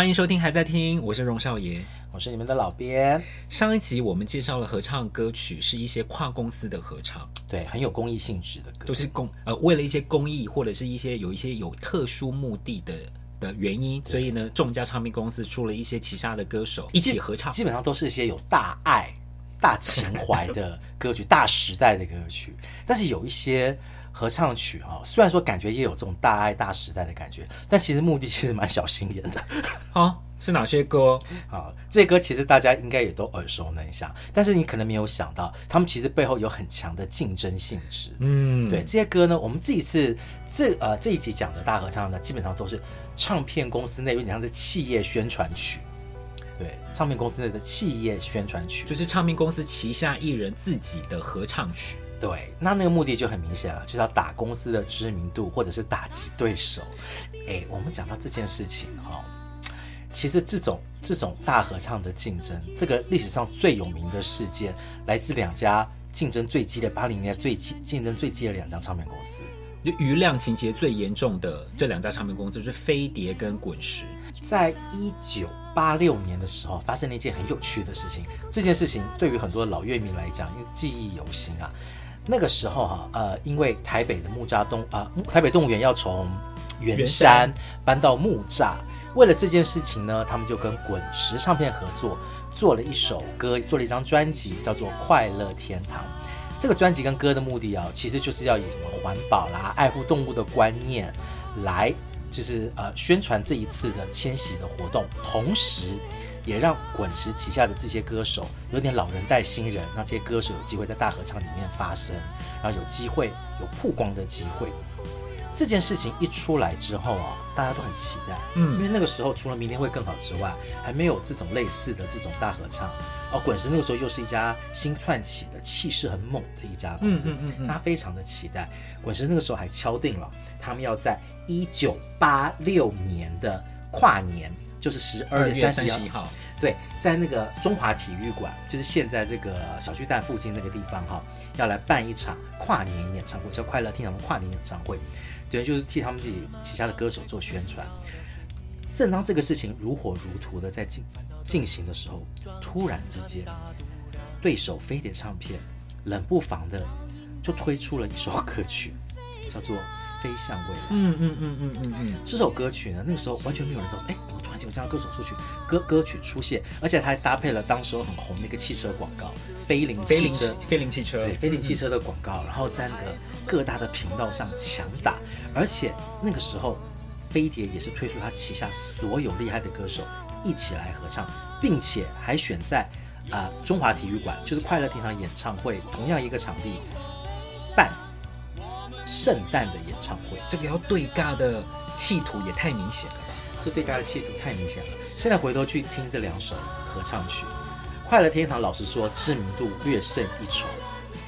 歡迎收聽，還在聽，我是榮少爺，我是你們的老編。上一集我們介紹了合唱歌曲，是一些跨公司的合唱，對，很有公益性質的歌，都是公呃為了一些公益或者是一些有一些有特殊目的的的原因，對所以呢，眾家唱片公司出了一些其他的歌手對一起合唱，基本上都是一些有大愛、大情懷的歌曲， 大時代的歌曲，但是有一些合唱曲啊，雖然說感覺也有這種大愛大時代的感覺，但其實目的其實蠻小心眼的啊、哦。是哪些歌？啊，這些歌其實大家應該也都耳熟能詳，但是你可能沒有想到，他們其實背後有很強的競爭性質。嗯，對，這些歌呢，我們這一次這呃這一集講的大合唱呢，基本上都是唱片公司內部，像是企業宣傳曲。對，唱片公司內的企業宣傳曲，就是唱片公司旗下藝人自己的合唱曲。對，那那個目的就很明顯了，就是要打公司的知名度，或者是打擊對手。哎，我們講到這件事情哈、哦，其實這種這種大合唱的競爭，這個歷史上最有名的事件，來自兩家競爭最激烈的八零年代最競爭最激烈的兩家唱片公司。就瑜亮情結最嚴重的這兩家唱片公司，就是飛碟跟滾石。在一九八六年的時候，發生了一件很有趣的事情，這件事情對於很多老樂迷來講，因為記憶猶新啊。那個時候哈、啊，呃，因為台北的木柵動啊，台北動物園要從圓山搬到木柵，生為了這件事情呢，他們就跟滾石唱片合作，做了一首歌，做了一張專輯，叫做《快樂天堂》。這個專輯跟歌的目的啊，其實就是要以什麼環保啦、愛護動物的觀念來，就是呃宣傳這一次的遷徙的活動，同時。也讓滾石旗下的這些歌手有點老人帶新人，讓這些歌手有機會在大合唱裡面發聲，然後有機會有曝光的機會。這件事情一出來之後啊，大家都很期待，因為那個時候除了明天會更好之外，還沒有這種類似的這種大合唱。而、哦、滾石那個時候又是一家新竄起的、氣勢很猛的一家公司，他、嗯嗯嗯嗯、非常的期待。滾石那個時候還敲定了，他們要在一九八六年的跨年。就是十二月三十一號，對，在那個中華體育館，就是現在這個小巨蛋附近那個地方哈，要來辦一場跨年演唱會，叫快樂天堂的跨年演唱會，對，就是替他們自己旗下的歌手做宣傳。正當這個事情如火如荼的在進進行的時候，突然之間，對手飛碟唱片冷不防的就推出了一首歌曲，叫做。飛向未來。嗯嗯嗯嗯嗯嗯，嗯嗯嗯這首歌曲呢，那個時候完全沒有人知道，哎，我突然間有這樣一首出去，歌歌曲出現，而且它還搭配了當時候很紅的一個汽車廣告，飛羚飛羚飛羚汽車，對，嗯、飛羚汽車的廣告，然後在那個各大的頻道上強打，而且那個時候飛碟也是推出他旗下所有厲害的歌手一起來合唱，並且還選在啊、呃、中華體育館，就是快樂天堂演唱會同樣一個場地辦。聖誕的演唱會，這個要對尬的企圖也太明顯了吧？這對尬的企圖太明顯了。現在回頭去聽這兩首合唱曲，《快樂天堂》，老實說，知名度略勝一籌。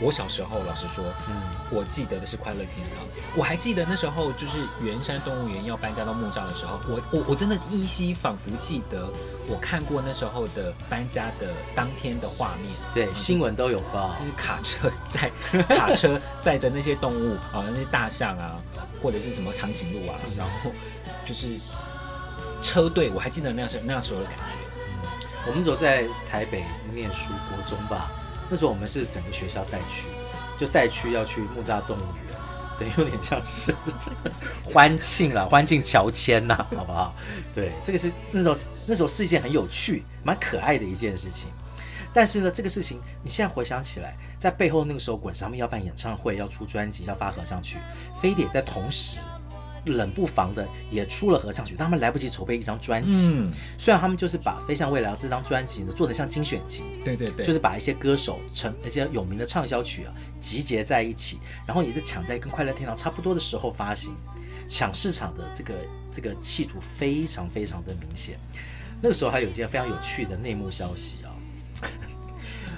我小時候，老實說，嗯，我記得的是快樂天堂。我還記得那時候，就是圓山動物園要搬家到木柵的時候，我我我真的依稀仿佛記得我看過那時候的搬家的當天的畫面。對，新聞都有報，就是卡車載卡車載着那些動物 啊，那些大象啊，或者是什麼長頸鹿啊，嗯、然後就是車隊。我還記得那時候那時候的感覺。嗯，我們走在台北念書，國中吧。那時候我們是整個學校帶去，就帶去要去木柵動物園，等於有點像是歡慶了，歡慶喬遷吶，好不好？對，這個是那時候那時候是一件很有趣，蠻可愛的一件事情。但是呢，這個事情你現在回想起來，在背後那個時候，滾石們要辦演唱會，要出專輯，要發合唱曲，飛碟，在同時。冷不防的也出了合唱曲，但他們來不及籌備一張專輯，嗯、雖然他們就是把《飛向未來》這張專輯呢做得像精選集，對對對，就是把一些歌手成一些有名的暢銷曲啊集結在一起，然後也是搶在跟《快樂天堂》差不多的時候發行，搶市場的這個這個企圖非常非常的明顯。那個時候還有一件非常有趣的內幕消息啊、哦，呵呵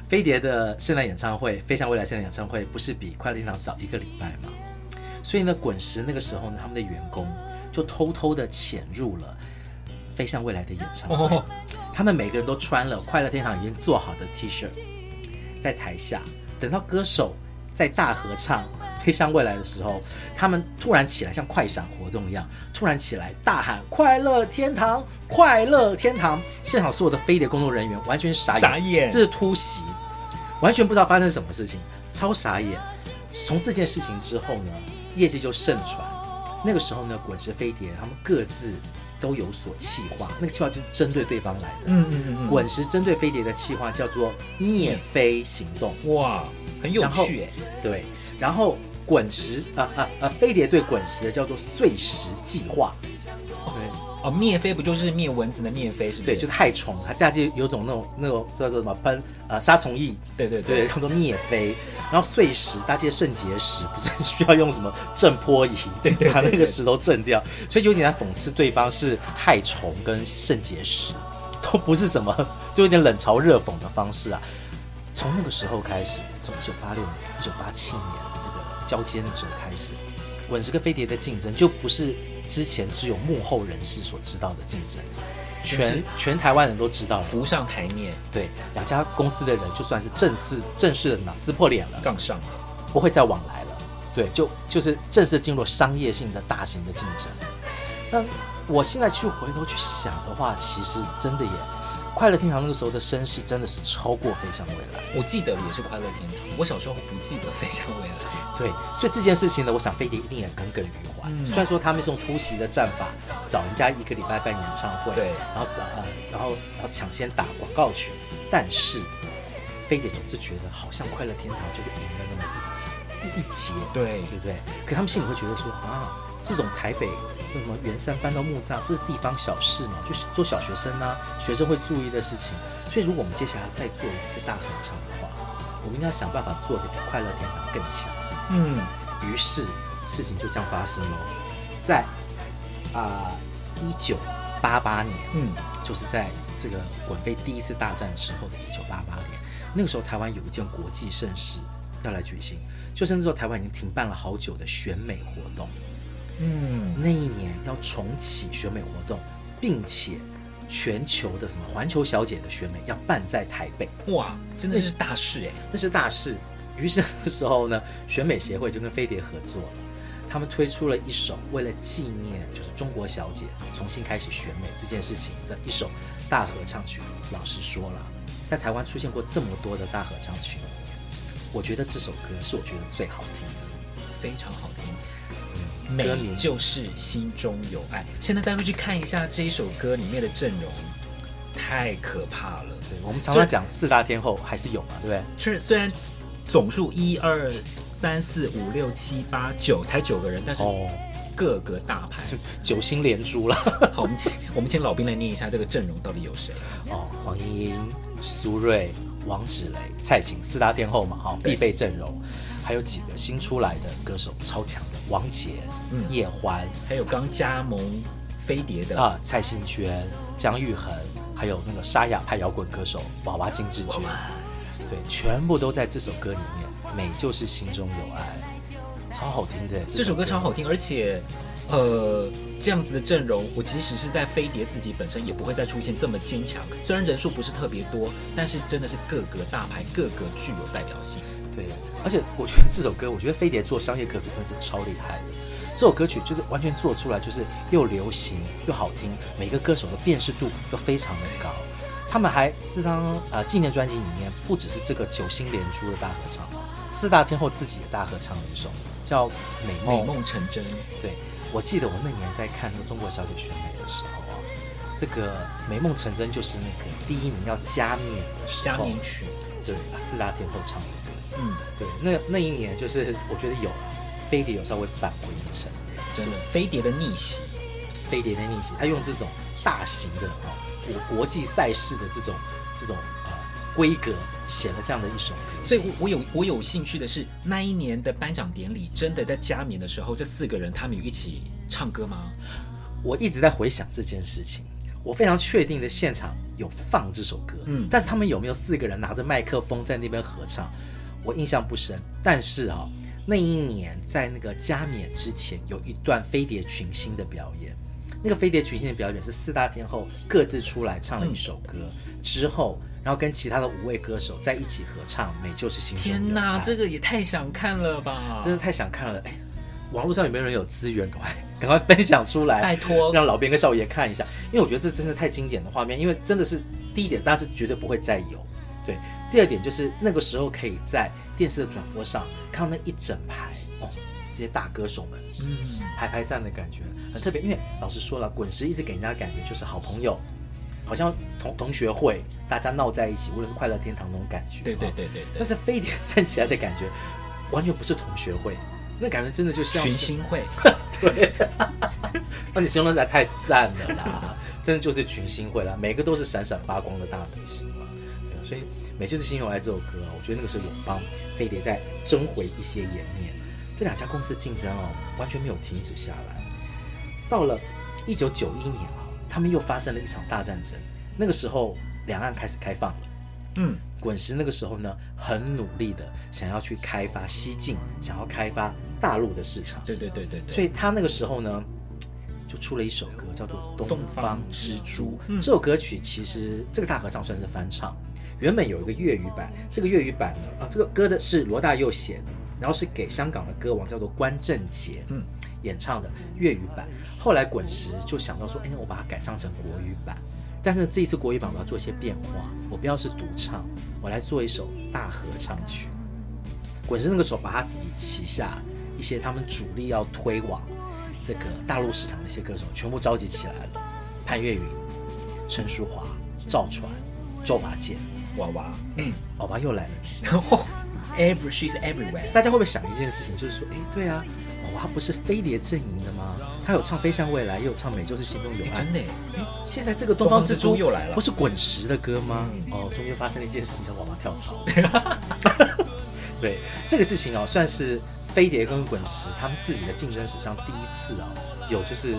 《飛碟》的聖誕演唱會，《飛向未來》聖誕演唱會不是比《快樂天堂》早一個禮拜嗎？所以呢，滾石那個時候呢，他們的員工就偷偷的潛入了《飛向未來》的演唱會。Oh. 他們每個人都穿了快樂天堂已經做好的 T 恤，在台下等到歌手在大合唱《飛向未來》的時候，他們突然起來，像快閃活動一樣，突然起來大喊“快樂天堂，快樂天堂”。現場所有的飛碟工作人員完全傻眼，傻眼。這是突襲，完全不知道發生什麼事情，超傻眼。從這件事情之後呢，業界就盛傳，那個時候呢，滾石飛碟他們各自都有所企劃，那個企劃就是針對對方來的。嗯嗯嗯。嗯嗯嗯、滾石針對飛碟的企劃叫做滅飛行動。哇，很有趣欸，然後，對，然後滾石啊啊啊，飛碟對滾石的叫做碎石計劃。哦，滅飛不就是滅蚊子的滅飛，是不是？對，就是害蟲。它架機有種那種那種叫做什麼噴呃殺蟲劑。對對對，對，叫做滅飛。然後碎石，大家腎結石不是需要用什麼震波儀，對，把對對對對對那個石頭震掉。所以有點在諷刺對方是害蟲跟腎結石，都不是什麼，就有點冷嘲熱諷的方式啊。從那個時候開始，從一九八六年，一九八七年這個交接的時候開始，滾石跟飛碟的競爭就不是。之前只有幕後人士所知道的競爭，全全台灣人都知道了，浮上台面，對，兩家公司的人，就算是正式正式的什麼撕破臉了，槓上了，不會再往來了，對，就就是正式進入商業性的大型的競爭。那我現在去回頭去想的話，其實真的也快樂天堂那個時候的聲勢真的是超過飛向未來，我記得也是快樂天堂。我小時候不記得飛向未來。對，所以這件事情呢，我想飛碟一定也耿耿於懷。雖然、嗯、說他們這種突襲的戰法，找人家一個禮拜辦演唱會，對然、嗯，然後呃，然後搶先打廣告曲，但是飛碟總是覺得好像快樂天堂就是贏了那麼一,一,一節，對，對不對？可他們心裡會覺得說啊，這種台北這什麼圓山搬到木柵，這是地方小事嘛，就是做小學生啊，學生會注意的事情。所以如果我們接下來再做一次大合唱。我們一定要想辦法做得比快樂天堂更強。嗯，於是事情就這樣發生了，在啊，一九八八年，嗯，就是在這個滾飛第一次大戰時候的一九八八年，那個時候台灣有一件國際盛事要來舉行，就是那時候台灣已經停辦了好久的選美活動。嗯，那一年要重啟選美活動，並且。全球的什麼環球小姐的選美要辦在台北，哇，真的是大事哎、嗯，那是大事。於是的時候呢，選美協會就跟飛碟合作，他們推出了一首為了紀念就是中國小姐重新開始選美這件事情的一首大合唱曲。老實說了，在台灣出現過這麼多的大合唱曲，我覺得這首歌是我覺得最好聽的，非常好聽。美就是心中有愛。對現在再回去看一下這一首歌裡面的陣容，太可怕了。對，我們常常講四大天后就還是有嘛，對，雖然雖然總數一二三四五六七八九才九個人，但是各個大牌，哦、對九星連珠了。好，我們請我們請老兵來念一下這個陣容到底有誰？哦，黃鶯鶯、蘇芮、王芷蕾、蔡琴，四大天后嘛，哈、哦，必備陣容。還有幾個新出來的歌手，超強。王杰、葉歡、嗯，環還有剛加盟飛碟的啊，蔡幸娟、姜育恆，還有那個沙啞派搖滾歌手娃娃金智娟，oh my, 對，全部都在這首歌裡面。美就是心中有愛，超好聽的。這首，這首歌超好聽，而且，呃，這樣子的陣容，我即使是在飛碟自己本身，也不會再出現這麼堅強。雖然人數不是特別多，但是真的是各個大牌，各個具有代表性。對，而且我覺得這首歌，我覺得飛碟做商業歌曲真的是超厲害的。這首歌曲就是完全做出來，就是又流行又好聽，每個歌手的辨識度都非常的高。他們還這張呃紀念專輯裡面，不只是這個九星連珠的大合唱，四大天后自己的大合唱的一首叫美，哦，《美夢成真》。對，我記得我那年在看那個中國小姐選美的時候啊，這個《美夢成真》就是那個第一名要加冕的時候加冕曲。對，啊，四大天后唱的。嗯，對，那那一年就是我覺得有飛碟有稍微扳回一城，真的飛就碟的逆襲，飛碟的逆襲，他用這種大型的我、哦、國際賽事的這種這種呃、哦、規格寫了這樣的一首歌。所以我，我我有我有興趣的是，那一年的頒獎典禮真的在加冕的時候，這四個人他們有一起唱歌嗎？我一直在回想這件事情，我非常確定的現場有放這首歌，嗯，但是他們有沒有四個人拿着麥克風在那邊合唱？我印象不深，但是啊、哦，那一年在那個加冕之前，有一段飛碟群星的表演。那個飛碟群星的表演是四大天后各自出來唱了一首歌，嗯、之後，然後跟其他的五位歌手在一起合唱《美就是心中有愛》。天哪，但這個也太想看了吧！真的太想看了。哎，網絡上有沒有人有資源？趕快，趕快分享出來，拜托託，讓老編跟少爺看一下。因為我覺得這真的太經典的畫面，因為真的是第一點，大家是絕對不會再有。對。第二點就是那個時候可以在電視的轉播上看到那一整排哦，這些大歌手們嗯，排排站的感覺很特別。因為老實說了，滾石一直給人家的感覺就是好朋友，好像同同學會，大家鬧在一起，無論是快樂天堂那種感覺，啊、對對對，對，對，但是飛碟站起來的感覺完全不是同學會，那感覺真的就像群星會。 對，那 你形容的實在太讚了啦， 真的就是群星會了，每個都是閃閃發光的大明星所以《美就是心中有愛》這首歌、啊，我覺得那個時候也幫飛碟在爭回一些顏面。這兩家公司的競爭哦、啊，完全沒有停止下來。到了一九九一年啊，他們又發生了一場大戰爭。那個時候，兩岸開始開放了。嗯，滾石那個時候呢，很努力的想要去開發西進，想要開發大陸的市場。對,對對對對。所以他那個時候呢，就出了一首歌，叫做《東方之珠》。這首歌曲其實、嗯、這個大合唱算是翻唱。原本有一個粵語版，這個粵語版呢啊，這個歌的是羅大佑寫的，然後是給香港的歌王叫做關正杰嗯演唱的粵語版。後來滾石就想到說，哎，我把它改唱成國語版，但是這一次國語版我要做一些變化，我不要是獨唱，我來做一首大合唱曲。滾石那個時候把他自己旗下一些他們主力要推往這個大陸市場的一些歌手全部召集起來了，潘越雲、陳淑樺、趙傳、周華健。娃娃，嗯，娃娃又來了。然後，every she's everywhere，大家會不會想一件事情，就是說，哎、欸，對啊，娃娃不是飛碟陣營的嗎？他有唱《飛向未來》，又唱《美就是心中有愛》。真的，哎，現在這個東方之珠又來了，不是滾石的歌嗎？嗯、哦，中間發生了一件事情，叫娃娃跳槽。 對，這個事情哦、啊，算是飛碟跟滾石他們自己的競爭史上第一次哦、啊，有就是。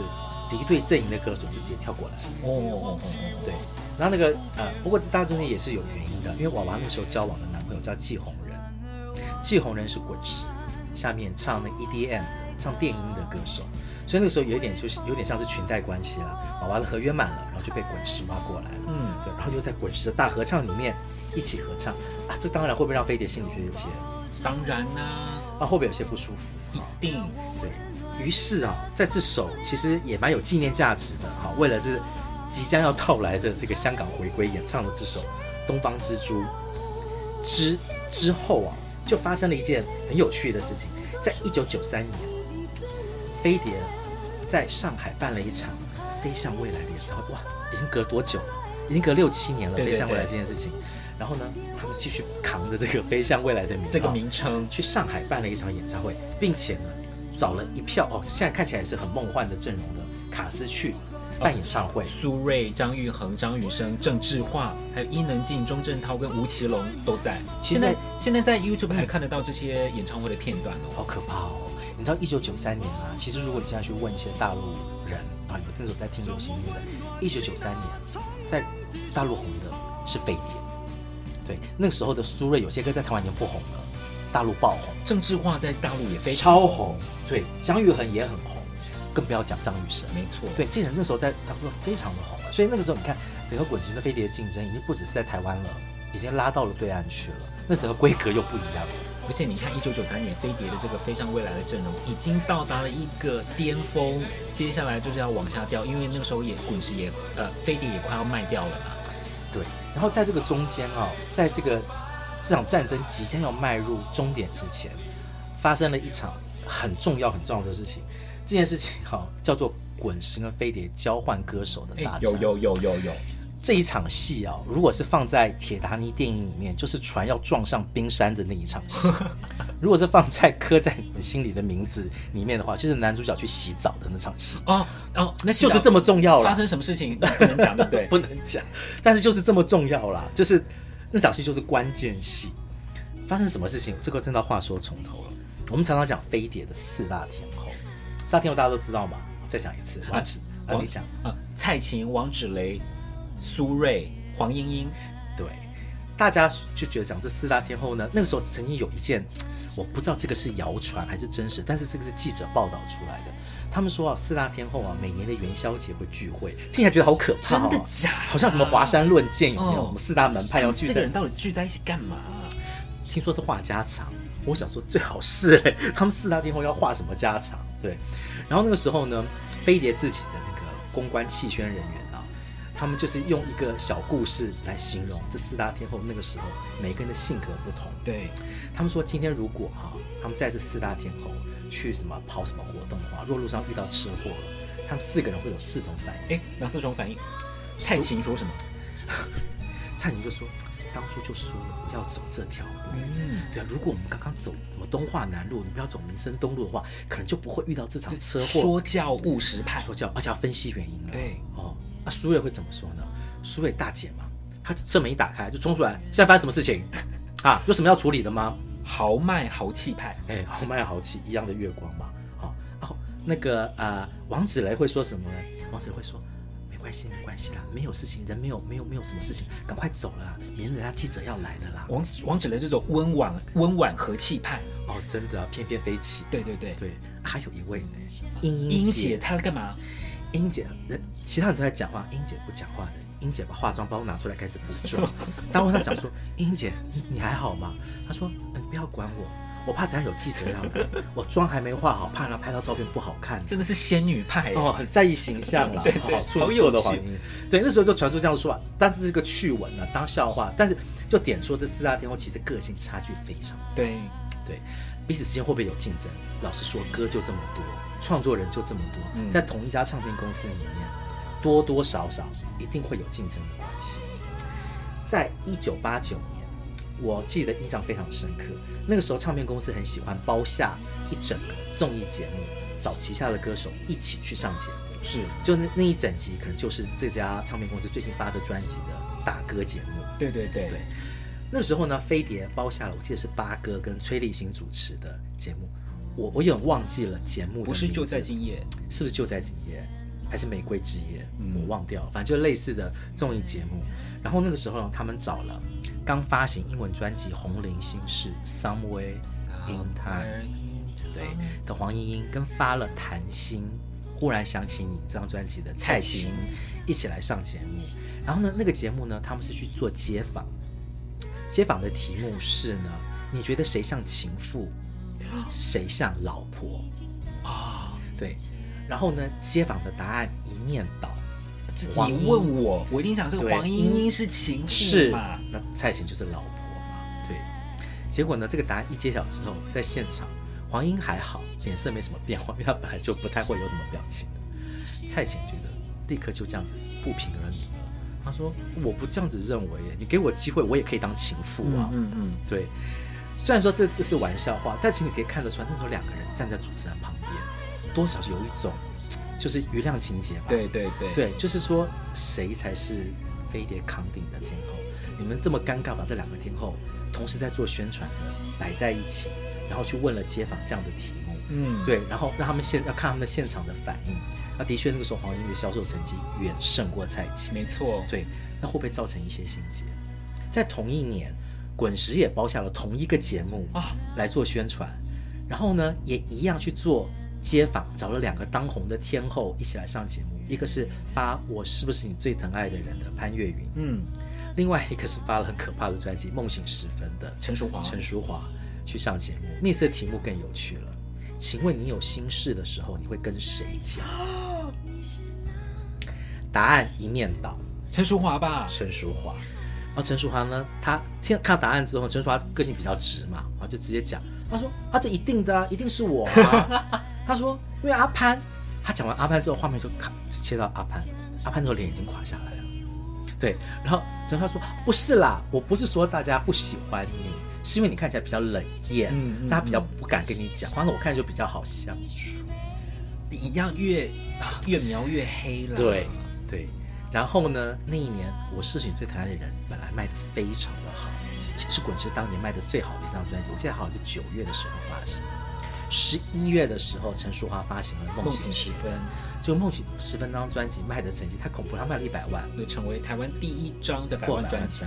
敵對陣營的歌手直接跳過來哦哦哦哦、嗯、對。然後那個呃，不過大中間也是有原因的，因為娃娃那時候交往的男朋友叫季紅人，季紅人是滾石下面唱那 EDM 的唱電音的歌手，所以那個時候有一點就是有點像是裙帶關係了、啊。娃娃的合約滿了，然後就被滾石挖過來了，嗯，對。然後就在滾石的大合唱裡面一起合唱啊，這當然會不會讓飛碟心裡覺得有些？當然啦，啊，會不會有些不舒服？一定，哦、對。於是啊，在這首其實也蠻有紀念價值的哈，為了這即將要到來的這個香港回歸，演唱的這首《東方之珠》之之後啊，就發生了一件很有趣的事情。在一九九三年，飛碟在上海辦了一場《飛向未來》的演唱會。哇，已經隔多久？已經隔六七年了，對對對，《飛向未來》這件事情。然後呢，他們繼續扛着這個《飛向未來》的名這個名稱去上海辦了一場演唱會，並且呢。找了一票哦，現在看起來是很夢幻的陣容的，卡斯去辦演唱會，哦、蘇芮、張玉衡、張雨生、鄭智化，還有伊能靜、鍾鎮濤跟吳奇隆都在。其實現在現在在 YouTube 還看得到這些演唱會的片段哦，好可怕哦！你知道一九九三年啊，其實如果你現在去問一些大陸人啊，有那時候在聽流行音樂的，一九九三年在大陸紅的是飛碟，對，那時候的蘇芮有些歌在台灣已經不紅了。大陸爆紅，政治化在大陸也非常紅超紅，對，姜育恆也很紅，更不要講張雨生，沒錯，對，竟然那時候在大陸非常的紅啊。所以那個時候你看整個滾石跟飛碟的競爭已經不只是在台灣了，已經拉到了對岸去了，那整個規格又不一樣了。而且你看，一九九三年飛碟的這個飛向未來的陣容已經到達了一個巔峰，接下來就是要往下掉，因為那個時候也滾石也呃飛碟也快要賣掉了嘛。對，然後在這個中間啊、哦，在這個。這場戰爭即將要邁入終點之前，發生了一場很重要很重要的事情。這件事情哈、哦，叫做滾石跟飛碟交換歌手的大戲、欸。有有有有有！有有有這一場戲啊、哦，如果是放在鐵達尼電影裡面，就是船要撞上冰山的那一場戲； 如果是放在刻在你們心裡的名字裡面的話，就是男主角去洗澡的那場戲。哦哦，那就是這麼重要了。發生什麼事情不能講，對不 對？不能講。但是就是這麼重要了，就是。那場戲就是關鍵戲，發生什麼事情？這個真的話說從頭了。我們常常講飛碟的四大天後，四大天后大家都知道嗎？我再講一次，王王啊，王你啊，蔡琴、王芷蕾、蘇芮、黃鶯鶯，對，大家就覺得講這四大天後呢？那個時候曾經有一件，我不知道這個是謠傳還是真實，但是這個是記者報道出來的。他們說啊，四大天後啊，每年的元宵節會聚會，聽起來覺得好可怕，哦，真的假的？好像什麼華山論劍有沒有？我們、哦、四大門派要聚的？這個人到底聚在一起幹嘛？聽說是話家常，我想說最好是，他們四大天後要話什麼家常？對。然後那個時候呢，飛碟自己的那個公關、企宣人員啊，他們就是用一個小故事來形容這四大天後。那個時候每個人的性格不同，對他們說，今天如果哈、啊，他們在這四大天後。去什麼跑什麼活動的話，若路上遇到車禍了，他們四個人會有四種反應。誒，哪四種反應？蔡琴說什麼？蔡琴就說，當初就說了不要走這條路。嗯，對啊，如果我們剛剛走什麼敦化南路，你不要走民生東路的話，可能就不會遇到這場車禍。說教務實派，說教，而且要分析原因了，對，哦，那，蘇芮會怎麼說呢？蘇芮大姐嘛，她車門一打開就衝出來，現在發生什麼事情啊？有什麼要處理的嗎？豪邁豪氣派，哎、欸，豪邁豪氣一樣的月光嘛，好哦，哦，那個呃，王子雷會說什麼呢？王子雷會說，沒關係，沒關係啦，沒有事情，人沒有沒有沒有什麼事情，趕快走了啦，免得人家記者要來了啦。王王子雷這種溫婉溫婉和氣派，哦，真的、啊、翩翩飛起，對對對對，還有一位呢，英英姐，她幹嘛？英姐人，其他人都在講話，英姐不講話的。英姐把化妝包拿出來，開始補妝，當時他講說：“ 英姐你，你還好嗎？”他說：“你不要管我，我怕等下有記者要來，我妝還沒化好，怕他拍到照片不好看。”真的是仙女派哦，很在意形象啦，對對對好出錯的話。對，那時候就傳出這樣說，但是是個趣聞呢、啊，當笑話。但是就點出，這四大天后其實個性差距非常大，對，對，彼此之間會不會有競爭？老實說，歌就這麼多，創作人就這麼多，嗯、在同一家唱片公司裡面。多多少少一定會有競爭的關係。在一九八九年，我記得印象非常深刻。那個時候，唱片公司很喜歡包下一整個綜藝節目，找旗下的歌手一起去上節目。是，就那那一整集，可能就是這家唱片公司最新發的專輯的打歌節目。對對對對。那時候呢，飛碟包下了，我記得是八哥跟崔麗心主持的節目，我我也忘記了節目。不是就在今夜？是不是就在今夜？還是玫瑰之夜，嗯、我忘掉，反正就類似的綜藝節目。然後那個時候呢，他們找了剛發行英文專輯《紅菱心事》《Somewhere in Time》對的黃鶯鶯，跟發了《談心》《忽然想起你》這張專輯的蔡琴情一起來上節目。然後呢，那個節目呢，他們是去做街訪，街訪的題目是呢，你覺得誰像情婦，誰、哦、像老婆啊、哦？對。然後呢，街訪的答案一面倒，你、啊、問我，我，我一定想這個黃鶯鶯是情婦嘛？嗯是嗯、是那蔡琴就是老婆嘛？對。結果呢，這個答案一揭曉之後，嗯、在現場，黃鶯還好，臉色沒什麼變化，因為她本來就不太會有什麼表情的。蔡琴覺得立刻就這樣子不平而鳴了，她說：“我不這樣子認為耶，你給我機會，我也可以當情婦啊。嗯”嗯嗯。對，雖然說這這是玩笑話，但其實你可以看得出來，那時候兩個人站在主持人旁邊。多少有一種就是瑜亮情結吧？對對對，對，就是說誰才是飛碟扛鼎的天后？你們這麼尷尬，把這兩個天后同時在做宣傳的擺在一起，然後去問了街坊這樣的題目，嗯，對，然後讓他們現要看他們的現場的反應。那的確，那個時候黃鶯鶯的銷售成績遠勝過蔡琴，沒錯，對，那會不會造成一些心結？在同一年，滾石也包下了同一個節目啊來做宣傳，哦、然後呢也一樣去做。街坊找了兩個當紅的天后一起來上節目，一個是發“我是不是你最疼愛的人”的潘越雲，嗯，另外一個是發了很可怕的專輯《夢醒時分》的陳淑樺。陳淑樺去上節目，那次題目更有趣了。請問你有心事的時候，你會跟誰講？哦、答案一面倒，陳淑樺吧。陳淑樺，然、啊、後陳淑樺呢？他聽看到答案之後，陳淑樺個性比較直嘛，然、啊、後就直接講，他說：“啊，這一定的、啊，一定是我、啊。” 他說：“因為阿潘，他講完阿潘之後，畫面就卡，就切到阿潘。阿潘那時候臉已經垮下來了，對。然後，陳浩他說：‘不是啦，我不是說大家不喜歡你，是因為你看起來比較冷豔，大家、嗯嗯、比較不敢跟你講。嗯’話、嗯，反正我看着就比較好相處。一樣越越描越黑了、啊。對對。然後呢，那一年我事情最疼愛的人本來賣的非常的好，其實滾石當年賣的最好的一張專輯。我記得好像是九月的時候發行。”十一月的時候，陳淑樺發行了《夢醒時分》，就《夢醒時分》這張專輯賣的成績太恐怖，他賣了一百萬，就成為台灣第一張的百萬專輯。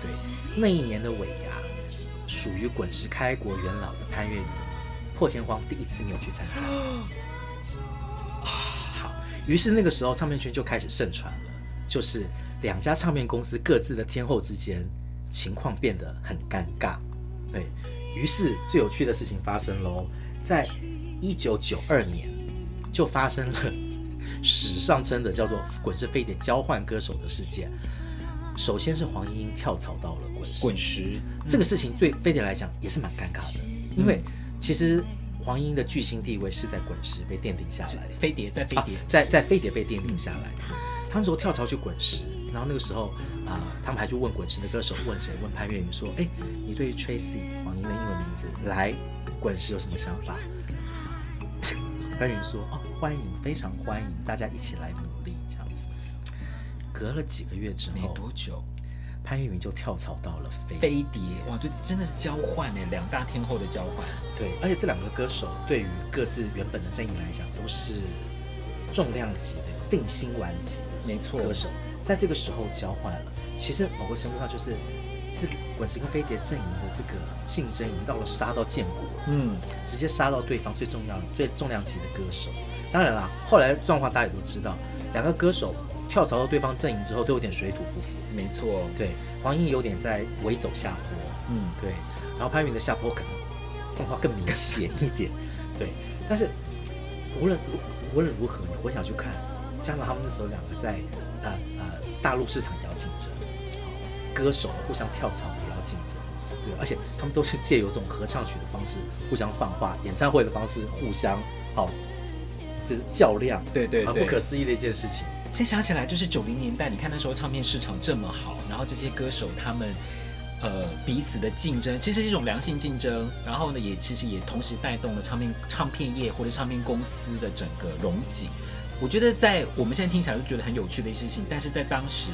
對，那一年的尾牙，屬於滾石開國元老的潘越雲，破天荒第一次沒有去參加。好，於是那個時候唱片圈就開始盛傳了，就是兩家唱片公司各自的天后之間，情況變得很尷尬。對，於是，最有趣的事情發生嘍。嗯在一九九二年，就發生了史上真的叫做滾石飛碟交換歌手的事件。首先是黃鶯鶯跳槽到了滾滾石，嗯、這個事情對飛碟來講也是蠻尷尬的，嗯、因為其實黃鶯鶯的巨星地位是在滾石被奠定下來的。飛碟在飛碟、啊、是在在飛碟被奠定下來，他們說跳槽去滾石，然後那個時候啊、呃，他們還去問滾石的歌手，問誰？問潘越雲說：“哎、欸，你對 Tracy 黃鶯鶯的英文名字來？”管是有什麼想法，潘 雲說：“哦，歡迎，非常歡迎，大家一起來努力這樣子。”隔了幾個月之後，沒多久，潘雲就跳槽到了飛,飛碟。哇，就真的是交換哎，兩大天後的交換。對，而且這兩個歌手對於各自原本的陣營來講都是重量級的、定心丸級的，沒錯。歌手錯在這個時候交換了，其實某個程度上就是。是滾石跟飛碟陣營的這個競爭，已經到了殺到見骨，嗯，直接殺到對方最重要、最重量級的歌手。當然啦，後來狀況大家也都知道，兩個歌手跳槽到對方陣營之後，都有點水土不服。沒錯錯，對，黃鶯有點在尾走下坡。嗯，對，然後潘雲的下坡可能狀況更明顯一點。 對，但是無論無論如何，你我想去看，加上他們那時候兩個在呃呃大陸市場也要競爭。歌手互相跳槽，也要競爭。對，而且他們都是借由這種合唱曲的方式互相放話，演唱會的方式互相好、哦。就是較量，對對對，不可思議的一件事情。先想起來，就是九零年代，你看那時候唱片市場這麼好，然後這些歌手他們，呃，彼此的競爭其實是一種良性競爭，然後呢，也其實也同時帶動了唱片唱片業或者唱片公司的整個榮景。我覺得在我們現在聽起來就覺得很有趣的一件事情，但是在當時。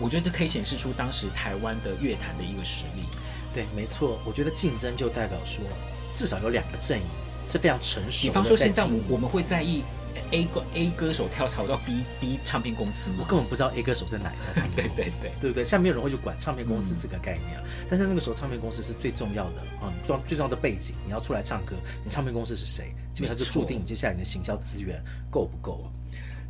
我覺得這可以顯示出當時台灣的樂壇的一個實力。對，沒錯。我覺得競爭就代表說，至少有兩個陣營是非常成熟的。比方說，現在我我們會在意 A 歌 A 歌手跳槽到 B B 唱片公司嗎？我根本不知道 A 歌手在哪一家唱片公司。 對，對對對，對不對？下面有人會去管唱片公司這個概念，嗯、但是那個時候，唱片公司是最重要的啊，嗯！最重要的背景，你要出來唱歌，你唱片公司是誰，基本上就注定你接下來你的行銷資源夠不夠，啊。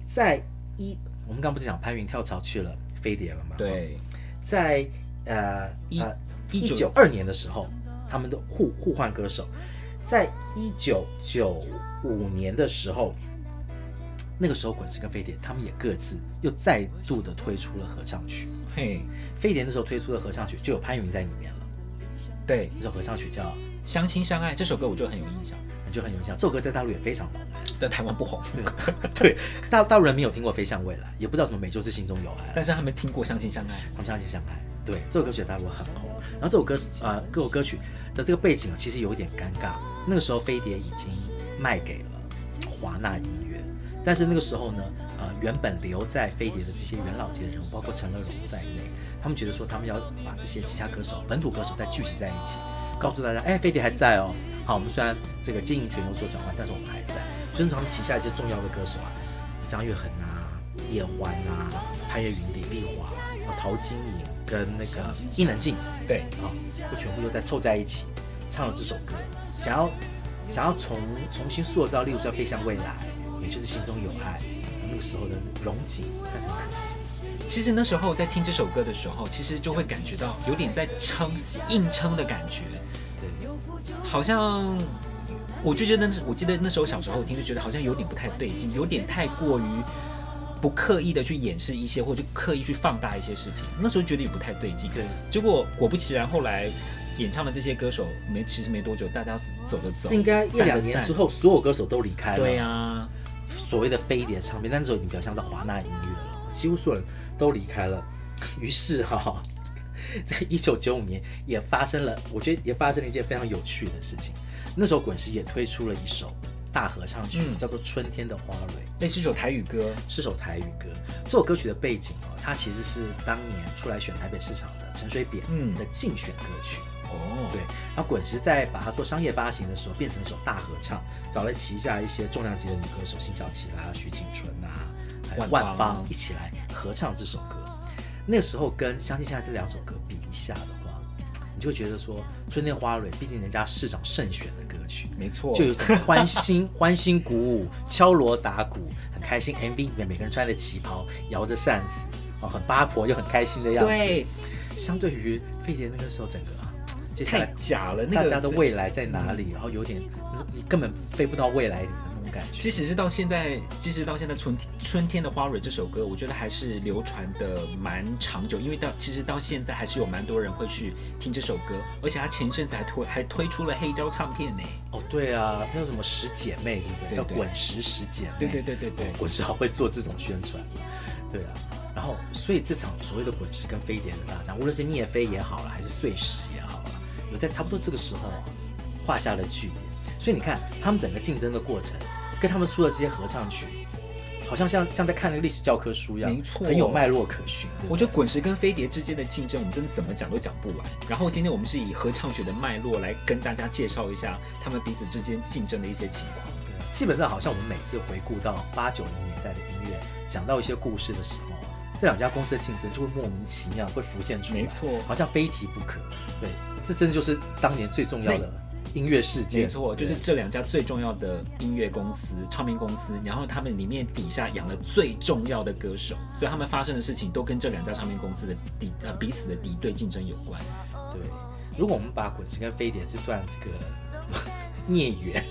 再一，我們剛剛不是講潘雲跳槽去了？飛碟了嘛？對，在呃一一九九二年的時候，他們都互互換歌手。在一九九五年的時候，那個時候滾石跟飛碟，他們也各自又再度的推出了合唱曲。嘿對，飛碟那時候推出的合唱曲就有潘越雲在裡面了。對，那首合唱曲叫《相親相愛》，嗯、這首歌我就很有印象。就很有印象，這首歌在大陸也非常紅，在台灣不紅。對， 對，大大陸人沒有聽過《飛向未來》，也不知道什麼“美就是心中有愛”，但是他們聽過《相親相愛》，他們相親相愛。對，這首歌在大陸很紅。然後這首歌，嗯、呃，這首歌曲的這個背景其實有一點尷尬。那個時候，飛碟已經賣給了華納音樂，但是那個時候呢，呃，原本留在飛碟的這些元老級的人物，包括陳樂融在內，他們覺得說他們要把這些旗下歌手、本土歌手再聚集在一起，告訴大家：“哎，飛碟還在哦。”好，我們雖然這個經營權有所轉換，但是我們還在。所以他旗下一些重要的歌手啊，張月恆啊、葉歡啊、潘越雲、李麗華、陶晶瑩跟那個伊能靜，對，啊，會全部又在湊在一起唱了這首歌，想要想要從重新塑造，例如說要飛向未來，也就是心中有愛。那個時候的榮景，但是很可惜，其實那時候在聽這首歌的時候，其實就會感覺到有點在撐、硬撐的感覺。對，好像我就覺得那時，那我記得那時候小時候我聽，就覺得好像有點不太對勁，有點太過於不刻意的去掩飾一些，或者刻意去放大一些事情。那時候覺得也不太對勁。對，結果果不其然，後來演唱的這些歌手沒，其實沒多久，大家走的走。是應該一兩年之後，所有歌手都離開了。對呀、啊，所謂的飛碟唱片，那時候已經比較像是華納音樂了，幾乎所有人都離開了。於是哈、哦、哈。在一九九五年，也發生了，我覺得也發生了一件非常有趣的事情。那時候滾石也推出了一首大合唱曲，嗯、叫做《春天的花蕊》，那是一首台語歌，是首台語歌。這首歌曲的背景哦，它其實是當年出來選台北市場的陳水扁的競選歌曲。哦、嗯，對。然後滾石在把它做商業發行的時候，變成一首大合唱，找了旗下一些重量級的女歌手，辛曉琪啊、許景淳啊、還有萬芳，萬芳一起來合唱這首歌。那時候跟相信現在這兩首歌，一下的話，你就覺得說春天花蕊，畢竟人家市長勝選的歌曲，沒錯，就有歡欣 歡欣鼓舞，敲鑼打鼓，很開心。MV 裡面每個人穿着旗袍，搖着扇子，哦，很八婆又很開心的樣子。對，相對於飛碟那個時候，整個啊，接下來太假了，那個、大家的未來在哪裡？然後有點你根本飛不到未來。感即使是到現在，即使到現在春，春春天的花蕊這首歌，我覺得還是流傳的蠻長久，因為到其實到現在還是有蠻多人會去聽這首歌，而且他前一陣子還推還推出了黑膠唱片呢。哦，對啊，叫什麼十姐妹對不對？對對叫滾石十姐妹。對對對對對、哦，滾石好會做這種宣傳，對啊。然後，所以這場所謂的滾石跟飛碟的大戰，無論是滅飛也好了，還是碎石也好了，有在差不多這個時候啊，畫下了句點。所以你看他們整個競爭的過程，跟他們出的這些合唱曲，好像像像在看那個歷史教科書一樣。沒錯，很有脈絡可循。我覺得滾石跟飛碟之間的競爭，我們真的怎麼講都講不完。然後今天我們是以合唱曲的脈絡來跟大家介紹一下他們彼此之間競爭的一些情況。對，基本上好像我們每次回顧到八九零年代的音樂，講到一些故事的時候，這兩家公司的競爭就會莫名其妙會浮現出來。沒錯，好像非提不可。對，這真的就是當年最重要的音樂世界，沒錯，就是這兩家最重要的音樂公司對唱片公司，然後他們裡面底下養了最重要的歌手，所以他們發生的事情都跟這兩家唱片公司的敵呃彼此的敵對競爭有關。對，如果我們把滾石跟飛碟這段這個孽緣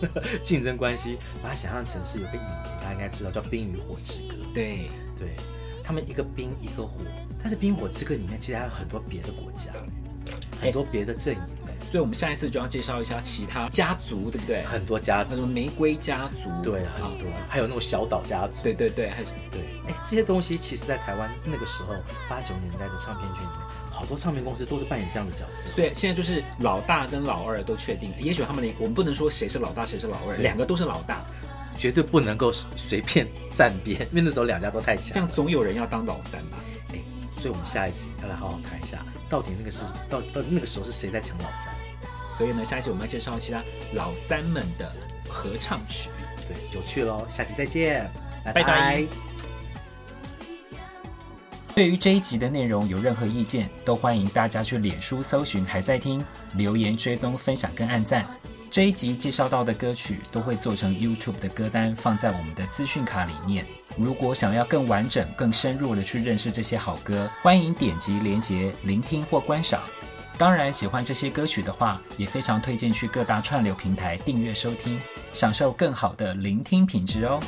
競爭關係，我把它想象成是有個影集，大家應該知道叫《冰與火之歌》對。對對，他們一個冰一個火，但是《冰火之歌》裡面其實還有很多別的國家，很多別的陣營。欸所以我們下一次就要介紹一下其他家族，對不對？很多家族，什麼玫瑰家族，對，啊、很多、啊，還有那種小島家族，對對對，還有什麼對，哎，這些東西其實在台灣那個時候八九年代的唱片圈裡面，好多唱片公司都是扮演這樣的角色。對，現在就是老大跟老二都確定，也許他們連，我們不能說誰是老大誰是老二，兩個都是老大，絕對不能夠隨便站邊，因為那時候兩家都太強，這樣總有人要當老三吧。所以，我們下一集要來好好看一下，到底那個是、嗯、到到那個時候是誰在搶老三？所以呢，下一集我們要介紹其他老三們的合唱曲，對，有趣嘍！下期再見，拜拜。拜拜。對於這一集的內容有任何意見，都歡迎大家去臉書搜尋還在聽，留言追蹤、分享跟按讚。這一集介紹到的歌曲都會做成 YouTube 的歌單，放在我們的資訊卡裡面。如果想要更完整、更深入的去認識這些好歌，歡迎點擊連接聆聽或觀賞。當然，喜歡這些歌曲的話，也非常推薦去各大串流平台訂閱收聽，享受更好的聆聽品質哦。